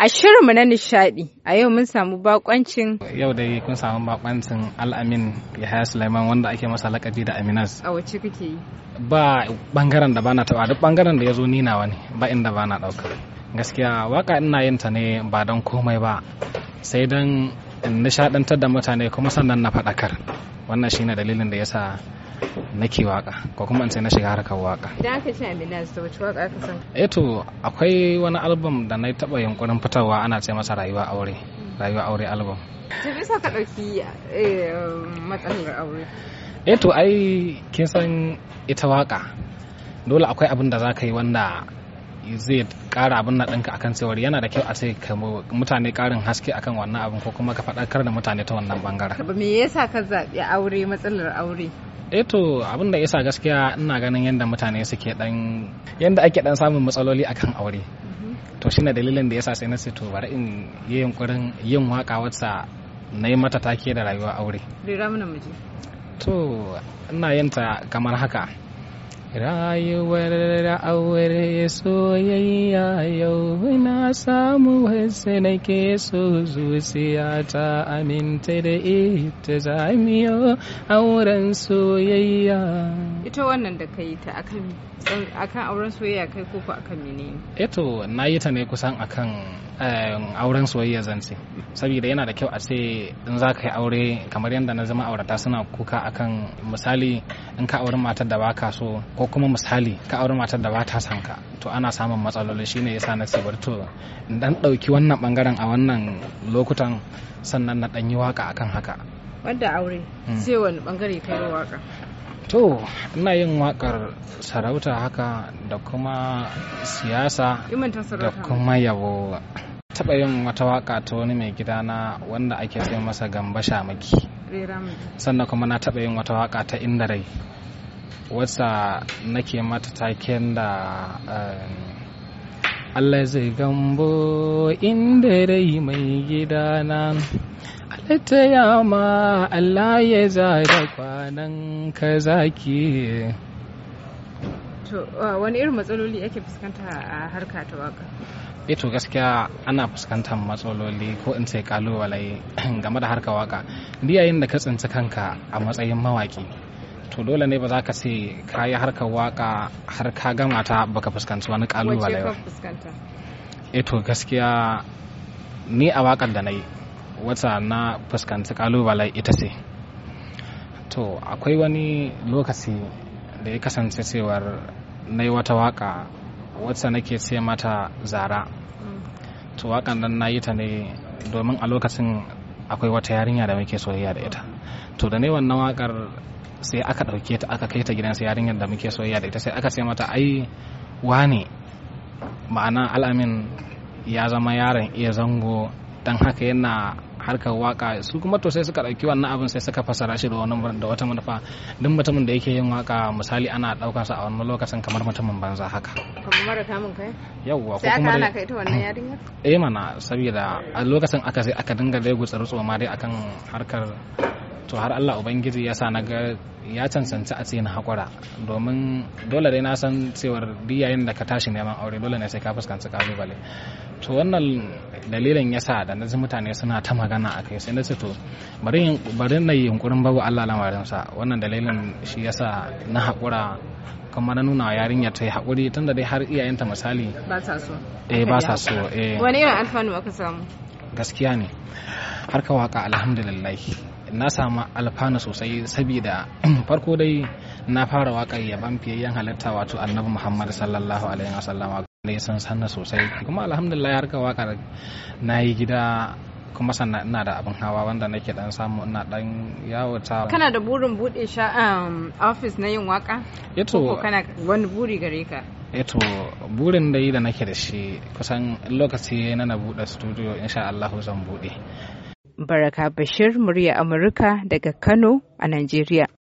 A shirinmu na nishadi a yau mun samu bakoncin. Yau dai kun samu bakoncin Al'amin Yahaya Sulaiman wanda ake masa lakabi da Aminas. A wace kake yi? Ba bangaren da bana taɓa duk bangaren da ya zo nina wani ba inda bana ɗauka. Gaskiya waka ina yin ta ne ba don komai ba sai don nishadantar da mutane kuma sannan na faɗakar. wannan shine dalilin da yasa nake waka ko kuma in sai na shiga harkar waka idan aka ce Aminaz da wace waka aka san eh to akwai wani album da na taba yunkurin fitarwa ana ce masa rayuwa aure rayuwa aure album to bisa ka dauki eh, matsalar aure eh to ai kin san ita waka dole akwai abin da zaka yi wanda zai kara abin na ɗinka akan cewar yana da kyau a sai mutane karin haske akan wannan abin ko kuma ka faɗakar da mutane ta wannan bangaren. Me yasa ka zaɓi aure matsalar aure? eh to abin da yasa gaskiya ina ganin yadda mutane suke dan yadda ake dan samun matsaloli akan aure to shine dalilin da yasa sai na sai to bari in yi yunkurin yin waka wacce na yi mata take da rayuwa aure to ina yin ta kamar haka rayuwar aure soyayya yau na samu wasu nake so zuciya ta aminta da ita za yi auren soyayya ita wannan da ka yi ta akan auren soyayya kai koko akan menene Ito na yi ta ne kusan akan Eh, auren soyayya zance saboda yana da kyau a ce in za ka yi aure kamar yadda na zama aurata suna kuka akan misali in ka auri matar da baka so ko kuma misali ka auri matar da ba ta san ka to ana samun matsaloli shine yasa na ce to in dan dauki wannan bangaren a wannan lokutan sannan na dan yi waka akan haka wanda aure hmm. sai wani bangare kai waka to ina yin wakar sarauta haka da kuma siyasa da kuma yabo taɓa yin wata waka ta wani mai gidana wanda ake sai masa gamba shamaki sannan kuma na taɓa yin wata waka ta inda rai wasa nake mata taken da eh, Allah zai gambo inda rai mai gidana na ya ma Allah ya zara kwanan ka zaki to uh, wani irin matsaloli ake fuskanta a harka ta waka eto eh gaskiya ana fuskantar matsaloli ko in ce kalubale game da harka waka yayin da ka tsinci kanka a matsayin mawaki to dole ne ba za ka sai ka yi harkar waka har ka gama ta baka fuskanci wani kalubale ba eto eh gaskiya ni a wakar da nayi yi wata na fuskanci kalubale ita ce to akwai wani lokaci da ya kasance cewar na yi wata waka wacce nake ce mata zara to wakan nan na yi ta ne domin a lokacin akwai wata yarinya da muke soyayya da ita to da ne wannan wakar sai aka ɗauke ta aka kai ta gidan sai yarinyar da muke soyayya da ita sai aka ce mata ai wane ma'ana al'amin ya zama yaron iya zango don haka yana harkar waka su kuma to sai suka ɗauki wannan abin sai suka fasara shi da wani da wata manufa duk mutumin da yake yin waka misali ana ɗaukar sa a wannan lokacin kamar mutumin banza haka kamar mara kamun kai yawwa ko kuma wannan yarinya eh mana saboda a lokacin aka sai aka dinga dai gutsar ma dai akan harkar to har Allah ubangiji ya sa na ga ya cancanci a cikin hakura domin dole dai na san cewar duk yayin da ka tashi neman aure dole ne sai ka fuskanci kalubale to wannan dalilin ya sa da na mutane suna ta magana a kai sai na ce to bari na yi yunkurin babu Allah lamarinsa wannan dalilin shi ya sa na haƙura kamar na nuna yarinya ta yi haƙuri tun da dai har iyayenta misali ba sa so eh, ba sa so eh. wani irin alfanu aka samu gaskiya ne har ka waka alhamdulillah na samu alfanu sosai saboda farko dai na fara waƙar yaban fiyayyen halitta wato annabi muhammad sallallahu alaihi wasallama ne sun sanna sosai kuma alhamdulillah harka waka na yi gida kuma sannan ina da abin hawa wanda nake dan samu ina dan yawo ta kana da burin bude sha um, office na yin waka eto eh kana wani buri gare ka eto eh burin da yi da nake da shi kusan lokaci na na bude studio insha Allah zan bude Baraka Bashir murya Amurka daga Kano a Najeriya